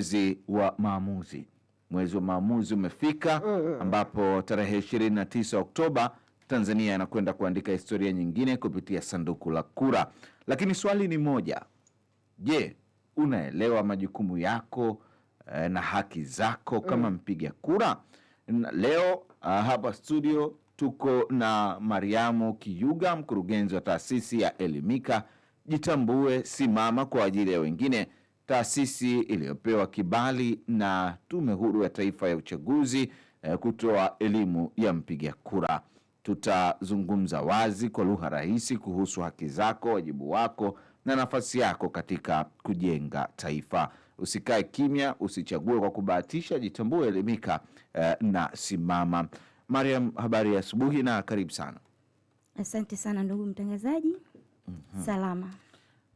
mwezi wa maamuzi. Mwezi wa maamuzi umefika mm-hmm. ambapo tarehe 29 Oktoba Tanzania inakwenda kuandika historia nyingine kupitia sanduku la kura. Lakini swali ni moja, je, unaelewa majukumu yako eh, na haki zako kama mm. mpiga kura? Leo uh, hapa studio tuko na Mariamu Kiyuga, mkurugenzi wa taasisi ya Elimika Jitambue, simama kwa ajili ya wengine taasisi iliyopewa kibali na Tume Huru ya Taifa ya Uchaguzi eh, kutoa elimu ya mpiga kura. Tutazungumza wazi kwa lugha rahisi kuhusu haki zako, wajibu wako na nafasi yako katika kujenga taifa. Usikae kimya, usichague kwa kubahatisha, jitambue, elimika eh, na simama. Mariam, habari ya asubuhi na karibu sana. Asante sana ndugu mtangazaji. mm -hmm. Salama.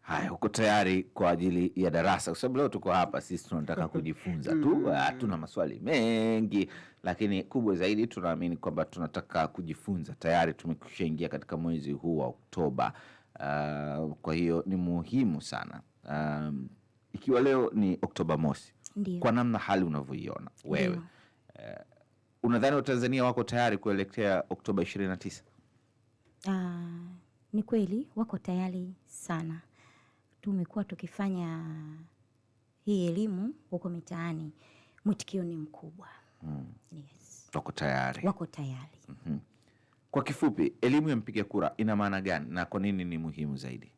Haya, uko tayari kwa ajili ya darasa? Kwa sababu leo tuko hapa sisi tunataka kujifunza tu, mm-hmm. hatuna maswali mengi, lakini kubwa zaidi tunaamini kwamba tunataka kujifunza. Tayari tumekushaingia katika mwezi huu wa Oktoba. Uh, kwa hiyo ni muhimu sana um, ikiwa leo ni Oktoba mosi. Ndiyo. Kwa namna hali unavyoiona wewe uh, unadhani Watanzania wako tayari kuelekea Oktoba 29? Uh, ah, ni kweli wako tayari sana tumekuwa tukifanya hii elimu huko mitaani, mwitikio ni mkubwa mm. Yes. wako tayari, wako tayari mm -hmm. Kwa kifupi, elimu ya mpiga kura ina maana gani na kwa nini ni muhimu zaidi?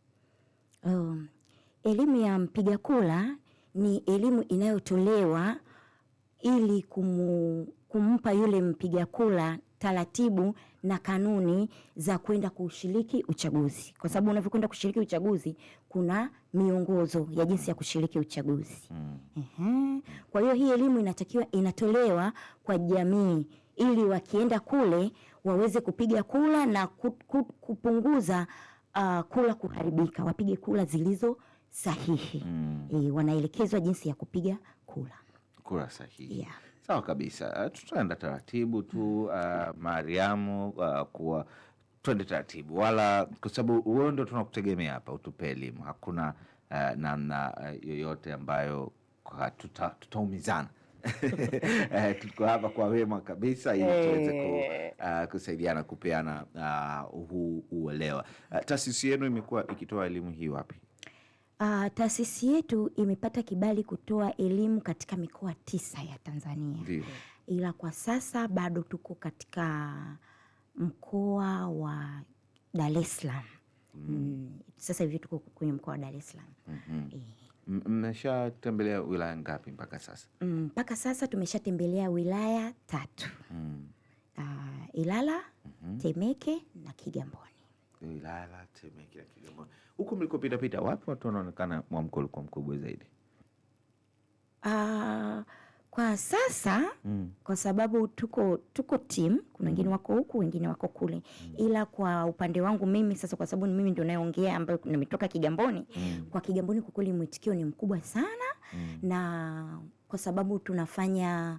Um, elimu ya mpiga kura ni elimu inayotolewa ili kumu, kumpa yule mpiga kura taratibu na kanuni za kwenda kushiriki uchaguzi, kwa sababu unavyokwenda kushiriki uchaguzi kuna miongozo ya jinsi ya kushiriki uchaguzi mm. Kwa hiyo hii elimu inatakiwa inatolewa kwa jamii ili wakienda kule waweze kupiga kula na kupunguza uh, kula kuharibika, wapige kula zilizo sahihi mm. E, wanaelekezwa jinsi ya kupiga kula kula sahihi yeah. Sawa kabisa, eh, tutaenda taratibu tu uh, Mariamu uh, kuwa twende taratibu, wala kwa sababu wewe ndio tunakutegemea hapa, utupe elimu. Hakuna uh, namna uh, yoyote ambayo tutaumizana tuko hapa kwa wema kabisa ili tuweze ku, uh, kusaidiana kupeana uh, huu uelewa. Uh, taasisi yenu imekuwa ikitoa elimu hii wapi? Uh, taasisi yetu imepata kibali kutoa elimu katika mikoa tisa ya Tanzania. Ndiyo. Ila kwa sasa bado tuko katika mkoa wa Dar es Salaam. Mm-hmm. Mm. Sasa hivi tuko kwenye mkoa wa Dar es Salaam. mm -hmm. E. Mmeshatembelea wilaya ngapi mpaka sasa? Mm, mpaka mm, sasa tumeshatembelea wilaya tatu. Mm. Uh, Ilala, mm -hmm. Temeke na Kigamboni. Ilala, Temeke na Kigamboni. Huko mlikopita pita, wapi watu wanaonekana mwamko ulikuwa mkubwa zaidi? Uh, kwa sasa mm. Kwa sababu tuko tuko team, kuna wengine wako huku wengine wako kule mm. Ila kwa upande wangu mimi sasa, kwa sababu mimi ndio nayeongea ambayo nimetoka Kigamboni mm. Kwa Kigamboni kwa kweli mwitikio ni mkubwa sana mm. Na kwa sababu tunafanya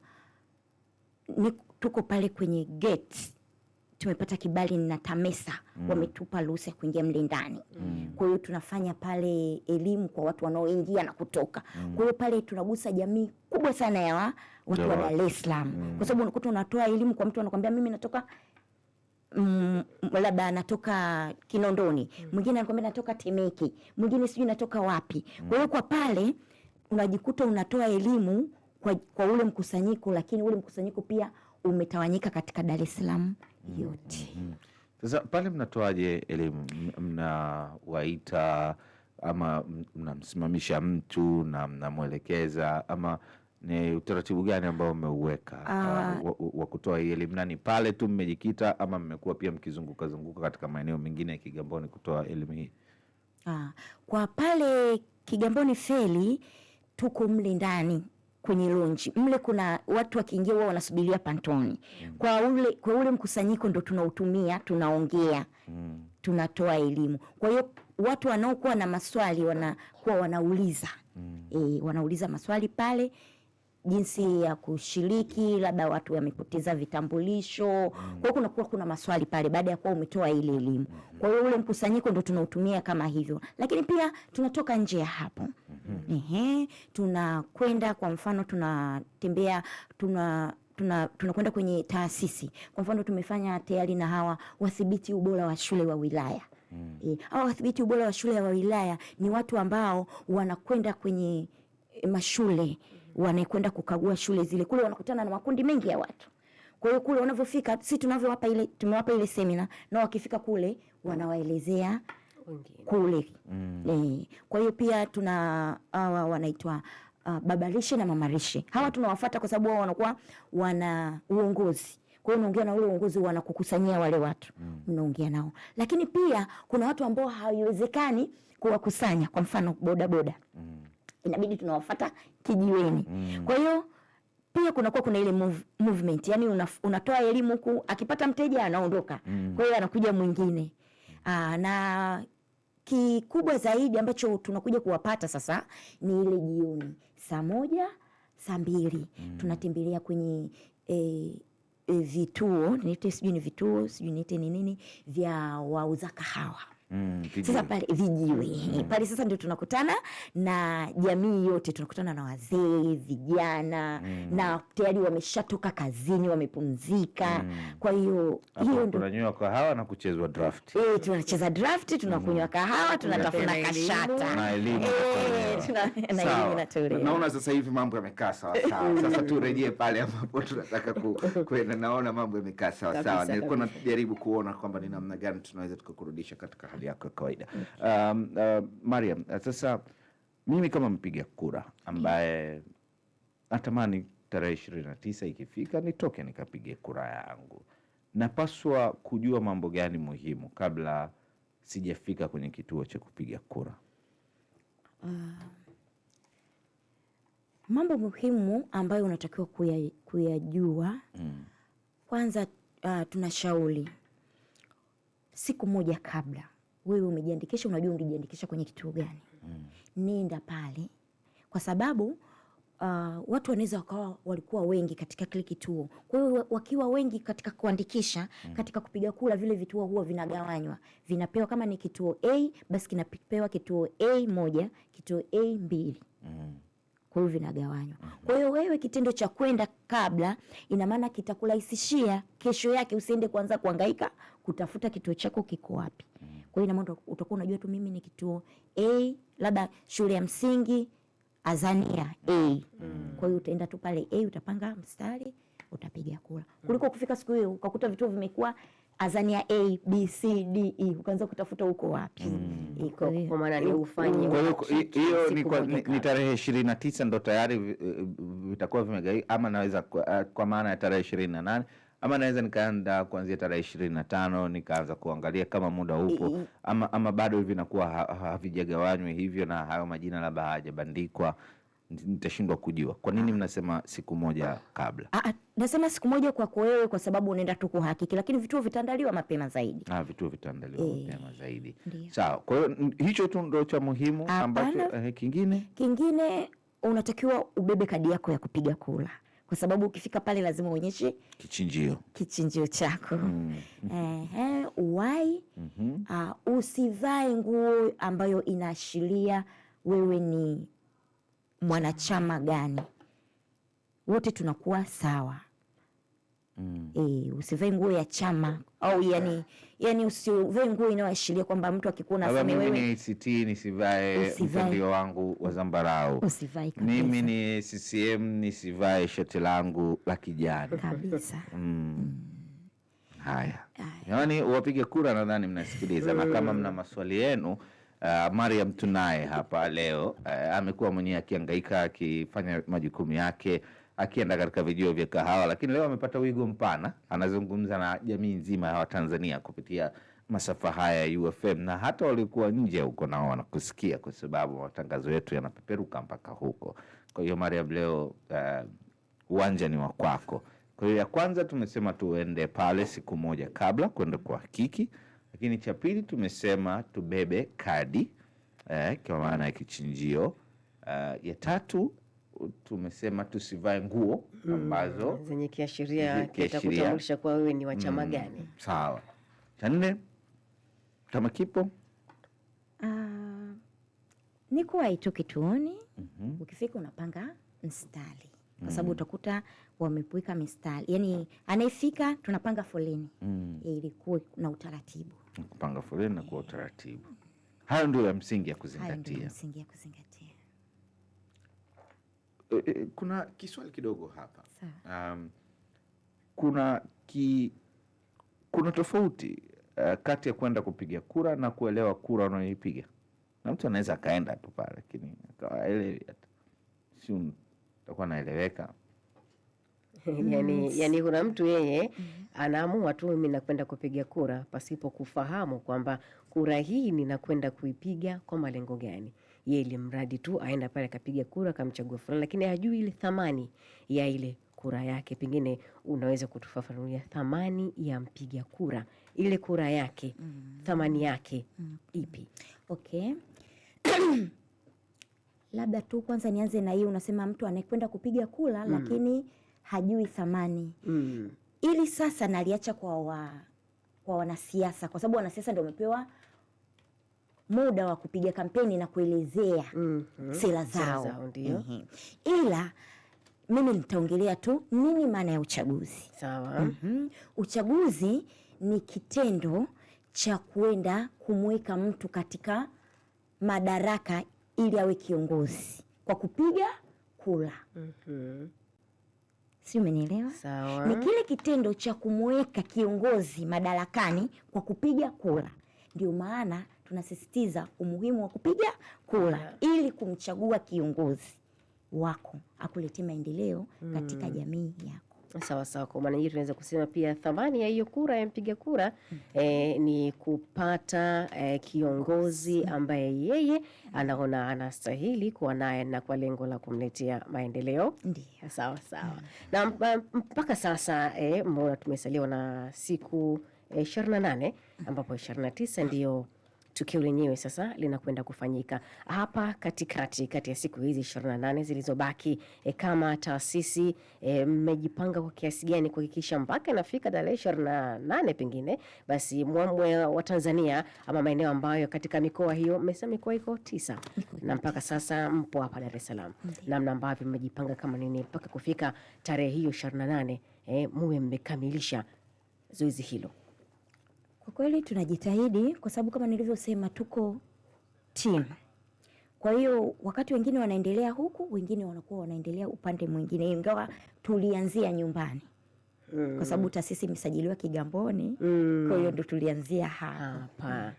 ni, tuko pale kwenye gate tumepata kibali na TAMESA mm. wametupa ruhusa ya kuingia mle ndani mm. kwa hiyo tunafanya pale elimu kwa watu wanaoingia na kutoka mm. kwa hiyo pale tunagusa jamii kubwa sana ya watu wa Dar es Salaam mm. kwa sababu unakuta unatoa elimu kwa mtu anakwambia mimi natoka Mm, labda anatoka Kinondoni, mm. mwingine mm. anakwambia natoka Temeke, mwingine sijui natoka wapi mm. kwa hiyo kwa pale unajikuta unatoa elimu kwa, kwa ule mkusanyiko, lakini ule mkusanyiko pia umetawanyika katika Dar es Salaam yote. Mm-hmm. Sasa pale mnatoaje elimu? Mnawaita ama mnamsimamisha mtu na mnamwelekeza ama ni utaratibu gani ambao mmeuweka uh, wa, wa kutoa hii elimu? nani pale tu mmejikita ama mmekuwa pia mkizunguka zunguka katika maeneo mengine ya Kigamboni kutoa elimu hii? Uh, kwa pale Kigamboni Feli tuko mle ndani kwenye lonji mle, kuna watu wakiingia wao wanasubiria pantoni mm. kwa ule, kwa ule mkusanyiko ndo tunautumia tunaongea mm. tunatoa elimu. Kwa hiyo watu wanaokuwa na maswali wanakuwa wanauliza mm. e, wanauliza maswali pale jinsi ya kushiriki, labda watu wamepoteza vitambulisho. Mm. Kwa hiyo kunakuwa kuna maswali pale baada ya kuwa umetoa ile elimu. Mm. Kwa hiyo ule mkusanyiko ndo tunautumia kama hivyo, lakini pia tunatoka nje ya hapo. Mm-hmm. Ehe, tunakwenda kwa mfano tunatembea tuna tunakwenda tuna kwenye taasisi. Kwa mfano tumefanya tayari na hawa wathibiti ubora wa shule wa wilaya mm. E, hawa wathibiti ubora wa shule wa wilaya ni watu ambao wanakwenda kwenye mashule wanakwenda kukagua shule zile, kule wanakutana na makundi mengi ya watu. Kwa hiyo kule wanavyofika, si tunavyowapa ile, tumewapa ile semina, na wakifika kule wanawaelezea kule mm. Eh, kwa hiyo pia tuna hawa wanaitwa uh, ah, babarishi na mamarishi. Hawa tunawafuata kwa sababu wao wanakuwa wana uongozi kwa hiyo unaongea na ule uongozi, wanakukusanyia wale watu mm. mnaongea mm. nao, lakini pia kuna watu ambao haiwezekani kuwakusanya, kwa mfano bodaboda mm inabidi tunawafuata kijiweni. Mm. Kwa hiyo pia kunakuwa kuna ile move, movement yani una, unatoa elimu huku, akipata mteja anaondoka. Mm. Kwa hiyo anakuja mwingine. Mm. Aa, ah, na kikubwa zaidi ambacho tunakuja kuwapata sasa ni ile jioni saa moja saa mbili mm. tunatembelea kwenye e, e, vituo niite sijui ni vituo sijui niite ni nini vya wauza kahawa Mm, sasa pale vijiwe eh, mm. Pale sasa ndio tunakutana na jamii yote, tunakutana na wazee, vijana mm. na tayari wameshatoka kazini, wamepumzika mm. Kwa hiyo hiyo ndio tunanywa kahawa na kuchezwa draft eh, tunacheza draft, tunakunywa mm. kahawa, tunatafuna kashata na elimu eh, na elimu na Naona sasa hivi mambo yamekaa sawa sawa. Sasa turejee pale ambapo tunataka kwenda, naona mambo yamekaa sawa sawa. Nilikuwa najaribu kuona kwamba ni namna gani tunaweza tukakurudisha katika maswali yako ya kawaida. Um, uh, Mariam, uh, sasa mimi kama mpiga kura ambaye natamani tarehe ishirini na tisa ikifika nitoke nikapige kura yangu, napaswa kujua mambo gani muhimu kabla sijafika kwenye kituo cha kupiga kura? Uh, mambo muhimu ambayo unatakiwa kuyajua mm. Kwanza uh, tunashauri siku moja kabla wewe umejiandikisha, unajua ungejiandikisha kwenye kituo gani. mm. Nenda pale kwa sababu Uh, watu wanaweza wakawa walikuwa wengi katika kile kituo. Kwa hiyo wakiwa wengi katika kuandikisha, mm. katika kupiga kura, vile vituo huwa vinagawanywa, vinapewa kama ni kituo A basi kinapewa kituo A moja, kituo A mbili, mm. kwa hiyo vinagawanywa. Mm-hmm. Kwa hiyo wewe kitendo cha kwenda kabla, ina maana kitakurahisishia kesho yake usiende kuanza kuhangaika kutafuta kituo chako kiko wapi. mm. Kwa hiyo ina maana utakuwa unajua tu mimi ni kituo A, labda shule ya msingi Azania A. Mm. Kwa hiyo utaenda tu pale A, utapanga mstari, utapiga kura. Kuliko mm. kufika siku hiyo ukakuta vituo vimekuwa Azania A B C D E, ukaanza kutafuta huko wapi. Mm. Iko Kwa maana ni ufanye hiyo ni kwa ni tarehe 29 ndo tayari eh, vitakuwa vimegawi ama naweza kwa, eh, kwa maana ya tarehe 28 ama naweza nikaenda kuanzia tarehe ishirini na tano nikaanza kuangalia kama muda upo ama, ama bado hivi nakuwa havijagawanywa hivyo na hayo majina labda hayajabandikwa nitashindwa kujua. Kwa nini mnasema siku moja kabla? Aa, nasema siku moja kwako wewe kwa sababu unaenda tu kuhakiki, lakini vituo vitaandaliwa mapema zaidi. Ah, vituo vitaandaliwa e, eh, mapema zaidi sawa. Kwa hiyo hicho tu ndo cha muhimu ambacho, eh, kingine kingine unatakiwa ubebe kadi yako ya kupiga kura kwa sababu ukifika pale lazima uonyeshe kichinjio, kichinjio chako mm. Eh, uwai mm -hmm. Uh, usivae nguo ambayo inaashiria wewe ni mwanachama gani. Wote tunakuwa sawa mm. E, eh, usivae nguo ya chama au yani, yani usivae nguo inayoashiria kwamba mtu akikuona sema wewe mimi ni ACT nisivae mtandio wangu wa zambarau, usivae kabisa. Mimi ni CCM nisivae shati langu la kijani kabisa mm. Mm. Haya, yani, wapige kura, nadhani mnasikiliza na kama mna mm. maswali yenu Uh, Mariam tunaye hapa leo uh, amekuwa mwenyewe akihangaika akifanya majukumu yake akienda katika vijio vya kahawa, lakini leo amepata wigo mpana, anazungumza na jamii nzima ya Watanzania kupitia masafa haya ya UFM na hata walikuwa nje huko nao wanakusikia, kwa sababu matangazo yetu yanapeperuka mpaka huko. Kwa hiyo Mariam, leo uh, uwanja uh, ni wa kwako. Kwa hiyo ya kwanza tumesema tuende pale siku moja kabla kwenda kuhakiki, lakini cha pili tumesema tubebe kadi eh, kwa maana ya kichinjio uh, ya tatu tumesema tusivae nguo mm, ambazo mm, zenye kiashiria kitakutambulisha kuwa wewe ni wa mm, chama mm, gani. Sawa. Cha nne chama kipo? Uh, ni kuwa tu kituoni mm -hmm. Ukifika unapanga mstari kwa sababu mm. utakuta wamepuika mistari, yani anayefika tunapanga foleni mm. ili kuwe na utaratibu, kupanga foleni na kuwa utaratibu. Hayo ndio ya msingi ya kuzingatia. Eh, eh, kuna kiswali kidogo hapa um, kuna ki, kuna tofauti uh, kati ya kwenda kupiga kura na kuelewa kura unayoipiga, na mtu anaweza akaenda tu pale, lakini akawaelewi si takuwa naeleweka. Yani, mm. yani kuna mtu yeye mm. anaamua tu mimi nakwenda kupiga kura pasipo kufahamu kwamba kura hii ninakwenda kuipiga kwa malengo gani yeye ili mradi tu aenda pale akapiga kura akamchagua fulani, lakini hajui ile thamani ya ile kura yake. Pengine unaweza kutufafanulia thamani ya mpiga kura, ile kura yake mm. thamani yake mm. ipi? Okay. Labda tu kwanza nianze na hii, unasema mtu anayekwenda kupiga kura mm. lakini hajui thamani mm. ili sasa naliacha kwa wa, kwa wanasiasa, kwa sababu wanasiasa ndio wamepewa muda wa kupiga kampeni na kuelezea mm -hmm. sera zao, zao Mm -hmm. Ila mimi nitaongelea tu nini maana ya uchaguzi. Sawa. Mm -hmm. Uchaguzi ni kitendo cha kuenda kumweka mtu katika madaraka ili awe kiongozi kwa kupiga kula. mm -hmm. Si umenielewa? Sawa. Ni kile kitendo cha kumweka kiongozi madarakani kwa kupiga kula, ndio maana tunasisitiza umuhimu wa kupiga kura yeah, ili kumchagua kiongozi wako akuletee maendeleo mm, katika jamii yako. Sawa sawa. Kwa maana hiyo tunaweza kusema pia thamani ya hiyo kura ya mpiga kura mm -hmm. eh, ni kupata eh, kiongozi ambaye yeye anaona anastahili kuwa naye na kwa lengo la kumletea maendeleo. Ndio. Sawa sawa mm -hmm. na mpaka sasa eh, mbona tumesaliwa na siku eh, 28 mm. ambapo 29 ndio tukio lenyewe sasa linakwenda kufanyika hapa katikati kati ya siku hizi 28 zilizobaki. E, kama taasisi e, mmejipanga e, kwa kiasi gani kuhakikisha mpaka inafika tarehe 28 pengine basi mwamwe wa Tanzania ama maeneo ambayo katika mikoa hiyo mmesema mikoa iko tisa na mpaka sasa mpo hapa Dar es Salaam, namna ambavyo mmejipanga kama nini mpaka kufika tarehe hiyo 28 e, muwe mmekamilisha zoezi hilo. Kwa kweli tunajitahidi kwa sababu kama nilivyosema tuko timu. Kwa hiyo wakati wengine wanaendelea huku, wengine wanakuwa wanaendelea upande mwingine, ingawa tulianzia nyumbani kwa mm. sababu taasisi imesajiliwa Kigamboni mm. kwa hiyo ndo tulianzia hapa.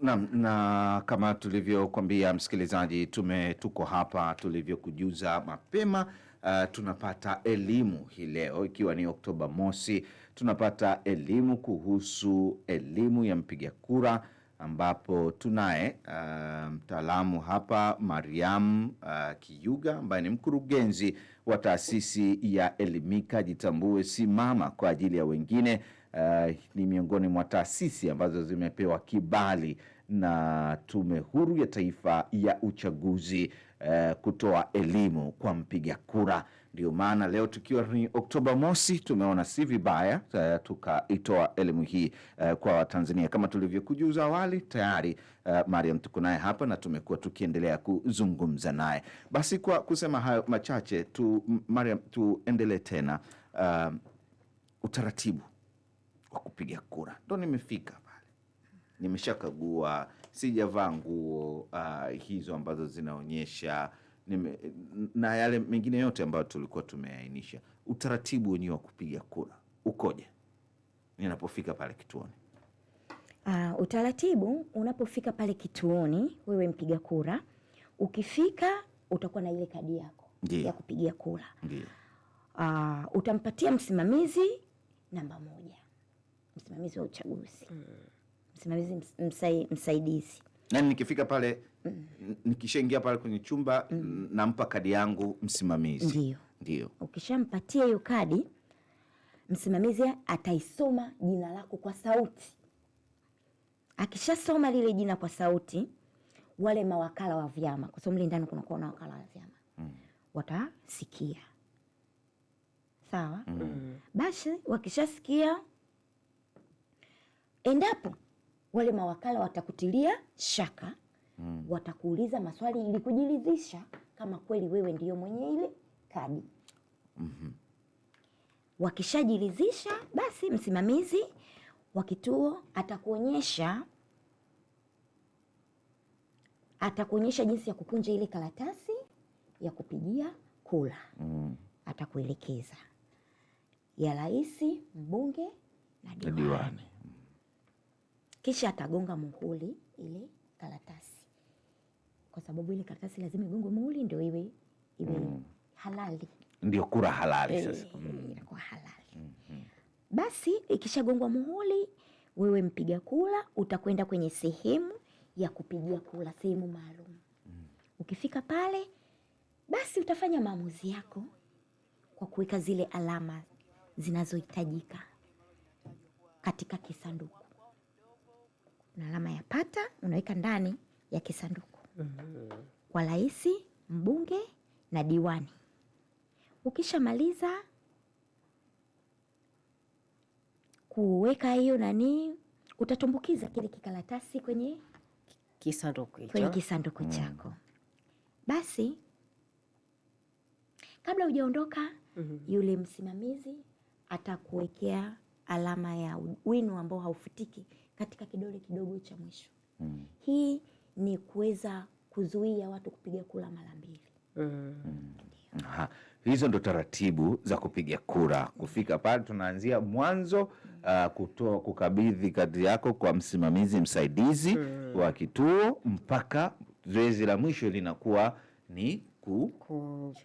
Mm. Na, na kama tulivyokwambia msikilizaji, tume tuko hapa tulivyokujuza mapema. Uh, tunapata elimu hii leo ikiwa ni Oktoba mosi tunapata elimu kuhusu elimu ya mpiga kura, ambapo tunaye eh, mtaalamu hapa Mariam uh, Kiyuga ambaye ni mkurugenzi wa taasisi ya Elimika Jitambue Simama kwa ajili ya wengine. Uh, ni miongoni mwa taasisi ambazo zimepewa kibali na Tume Huru ya Taifa ya Uchaguzi uh, kutoa elimu kwa mpiga kura. Ndio maana leo tukiwa ni Oktoba mosi, tumeona si vibaya uh, tukaitoa elimu hii uh, kwa Watanzania kama tulivyokujuza awali tayari. Uh, Mariam tuko naye hapa na tumekuwa tukiendelea kuzungumza naye. Basi kwa kusema hayo machache tu, Mariam, tuendelee tena uh, utaratibu wa kupiga kura. Ndo nimefika pale, nimeshakagua, sijavaa nguo uh, hizo ambazo zinaonyesha nime, na yale mengine yote ambayo tulikuwa tumeainisha, utaratibu wenyewe wa kupiga kura ukoje ninapofika pale kituoni? Uh, utaratibu unapofika pale kituoni, wewe mpiga kura, ukifika utakuwa na ile kadi yako Jee. ya kupigia kura uh, utampatia msimamizi namba moja, msimamizi wa uchaguzi hmm. msimamizi msai, msaidizi nani nikifika pale mm. nikishaingia pale kwenye chumba mm. nampa kadi yangu msimamizi. Ndio. Ndio. Ukishampatia hiyo kadi msimamizi ataisoma jina lako kwa sauti. Akishasoma lile jina kwa sauti, wale mawakala wa vyama, kwa sababu mle ndani kunakuwa na wakala wa vyama mm. watasikia. Sawa mm. mm. Basi wakishasikia, endapo wale mawakala watakutilia shaka mm. Watakuuliza maswali ili kujiridhisha kama kweli wewe ndiyo mwenye ile kadi mm -hmm. Wakishajiridhisha basi, msimamizi wa kituo atakuonyesha atakuonyesha jinsi ya kukunja ile karatasi ya kupigia kula mm. Atakuelekeza ya rais, mbunge na diwani kisha atagonga muhuri ile karatasi, kwa sababu ile karatasi lazima igongwe muhuri ndio iwe iwe mm. halali, ndio kura halali e, sasa mm. inakuwa halali mm -hmm. Basi ikishagongwa muhuri, wewe mpiga kura utakwenda kwenye sehemu ya kupigia kura, sehemu maalum mm. Ukifika pale, basi utafanya maamuzi yako kwa kuweka zile alama zinazohitajika katika kisanduku kuna alama ya pata unaweka ndani ya kisanduku mm-hmm. kwa rais, mbunge na diwani. Ukishamaliza kuweka hiyo nani, utatumbukiza kile kikaratasi kwenye kisanduku hicho, kwenye kisanduku mm. chako Basi kabla hujaondoka mm -hmm. Yule msimamizi atakuwekea alama ya wino ambao haufutiki katika kidole kidogo cha mwisho mm. Hii ni kuweza kuzuia watu kupiga kura mara mbili mm. Hizo ndo taratibu za kupiga kura. Kufika pale, tunaanzia mwanzo uh, kutoa kukabidhi kadi yako kwa msimamizi msaidizi mm. wa kituo mpaka zoezi la mwisho linakuwa ni ku,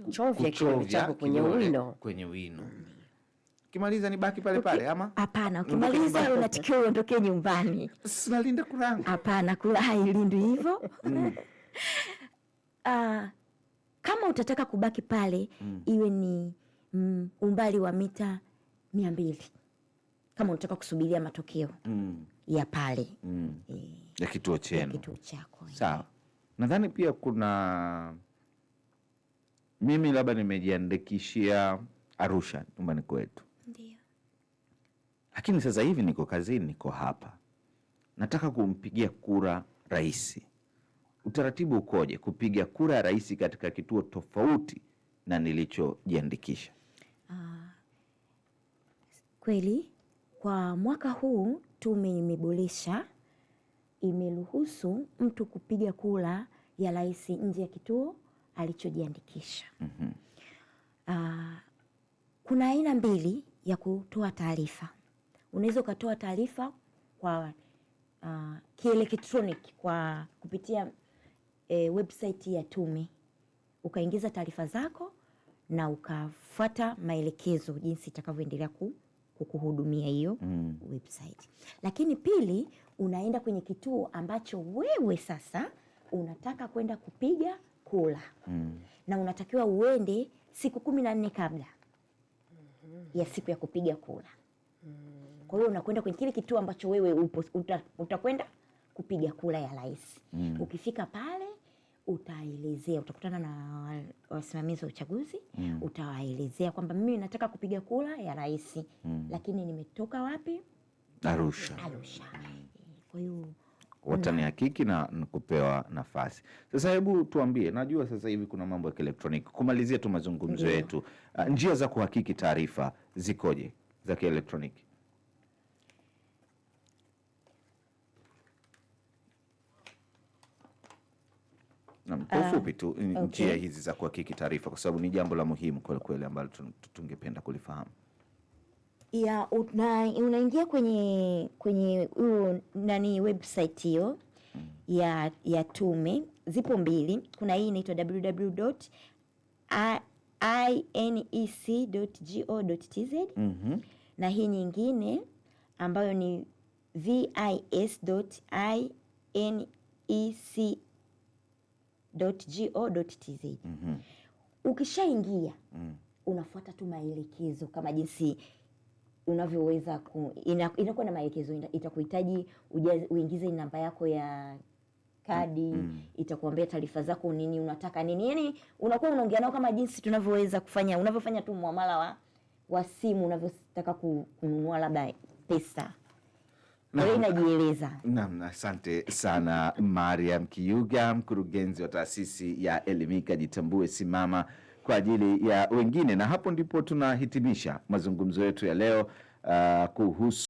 kuchovya kidole chako kwenye wino, kwenye wino. Hmm. Ukimaliza baki pale pale ama? Hapana, ukimaliza unatakiwa uondoke nyumbani. Sinalinda kulangu. Hapana, kula hailindwi hivyo. Uh, kama utataka kubaki pale mm. iwe ni mm, umbali wa mita mia mbili kama unataka kusubiria matokeo mm. ya pale mm. e, ya kituo chenu, ya kituo chako. Sawa, nadhani pia kuna mimi labda nimejiandikishia Arusha nyumbani kwetu Ndiyo. Lakini sasa hivi niko kazini, niko hapa, nataka kumpigia kura rais. Utaratibu ukoje kupiga kura rais katika kituo tofauti na nilichojiandikisha? Ah, kweli kwa mwaka huu tume imeboresha, imeruhusu mtu kupiga kura ya rais nje ya kituo alichojiandikisha. mm -hmm. Ah, kuna aina mbili ya kutoa taarifa. Unaweza ukatoa taarifa kwa uh, kielektroniki kwa kupitia e, website ya tume ukaingiza taarifa zako na ukafuata maelekezo jinsi itakavyoendelea ku, kukuhudumia hiyo mm. website. Lakini pili, unaenda kwenye kituo ambacho wewe sasa unataka kwenda kupiga kula mm. na unatakiwa uende siku kumi na nne kabla ya siku ya kupiga kura. Kwa hiyo unakwenda kwenye kile kituo ambacho wewe upo, uta, utakwenda kupiga kura ya rais. Mm. Ukifika pale utaelezea, utakutana na wasimamizi wa uchaguzi mm. Utawaelezea kwamba mimi nataka kupiga kura ya rais mm. Lakini nimetoka wapi? Arusha. Arusha. Kwa hiyo watanihakiki mhm. na kupewa nafasi. Sasa hebu tuambie, najua sasa hivi kuna mambo ya kielektroniki. Kumalizia tu mazungumzo yetu, ah, njia za kuhakiki taarifa zikoje za kielektroniki? kwa ah, ufupi tu okay, njia hizi za kuhakiki taarifa, kwa sababu ni jambo la muhimu kwelikweli ambalo tungependa kulifahamu ya unaingia kwenye kwenye uh, nani website hiyo mm. ya ya tume. Zipo mbili, kuna hii inaitwa www.inec.go.tz mm -hmm. na hii nyingine ambayo ni vis.inec.go.tz mm -hmm. Ukishaingia mm. unafuata tu maelekezo kama jinsi unavyoweza ku, inakuwa na maelekezo itakuhitaji uingize namba yako ya kadi mm, mm. Itakuambia taarifa zako nini unataka nini, yani unakuwa unaongea nao kama jinsi tunavyoweza kufanya unavyofanya tu muamala wa, wa simu unavyotaka kununua labda pesa inajieleza. Naam, asante sana Mariam Kiyuga, mkurugenzi wa taasisi ya Elimika Jitambue Simama kwa ajili ya wengine, na hapo ndipo tunahitimisha mazungumzo yetu ya leo uh, kuhusu